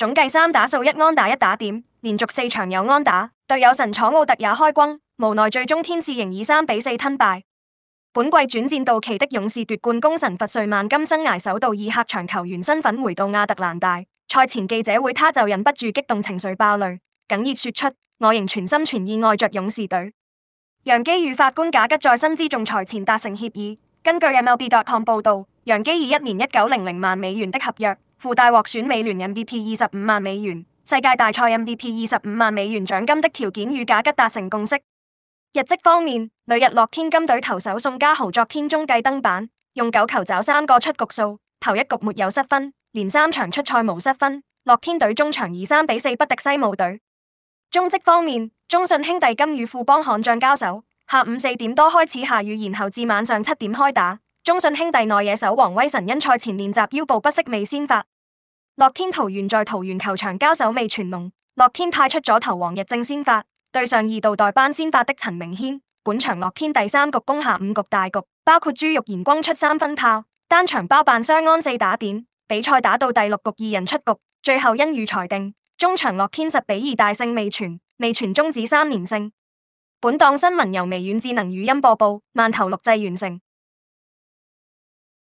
總計三打數一安打一打點，連續四場有安打，隊友神楚奧特也開轟，無奈最終天使仍以三比四吞敗。本季轉戰到期的勇士奪冠功臣佛瑞曼今生涯首度以客場球員身份回到亞特蘭大。賽前記者會，他就忍不住激動情緒爆淚，哽咽說出：我仍全心全意愛着勇士隊。楊基與法官賈吉在薪資仲裁前達成協議，根據 MLB.com 報道，楊基以一年一九零零萬美元的合約。附帶獲選美聯 MVP 二十五萬美元、世界大賽 MVP 二十五萬美元獎金的條件，與賈吉達成共識。日職方面，旅日樂天金隊投手宋家豪昨天中繼登板，用九球找三個出局數，頭一局沒有失分，連三場出賽無失分。樂天隊中場以三比四不敵西武隊。中職方面，中信兄弟今與富邦悍將交手，下午四點多開始下雨，然後至晚上七點開打。中信兄弟內野手王威晨因賽前練習腰部不適未先發，樂天桃猿在桃園球場交手味全龍，樂天派出左投王溢正先發，對上二度代班先發的陳明軒。本場樂天第三局攻下五局大局，包括朱育賢轟出三分炮，單場包辦雙安四打點。比賽打到第六局二人出局，最後因雨裁定，中場樂天十比二大勝味全，味全終止三連勝。本檔新聞由微軟智能語音播報，慢投錄製完成。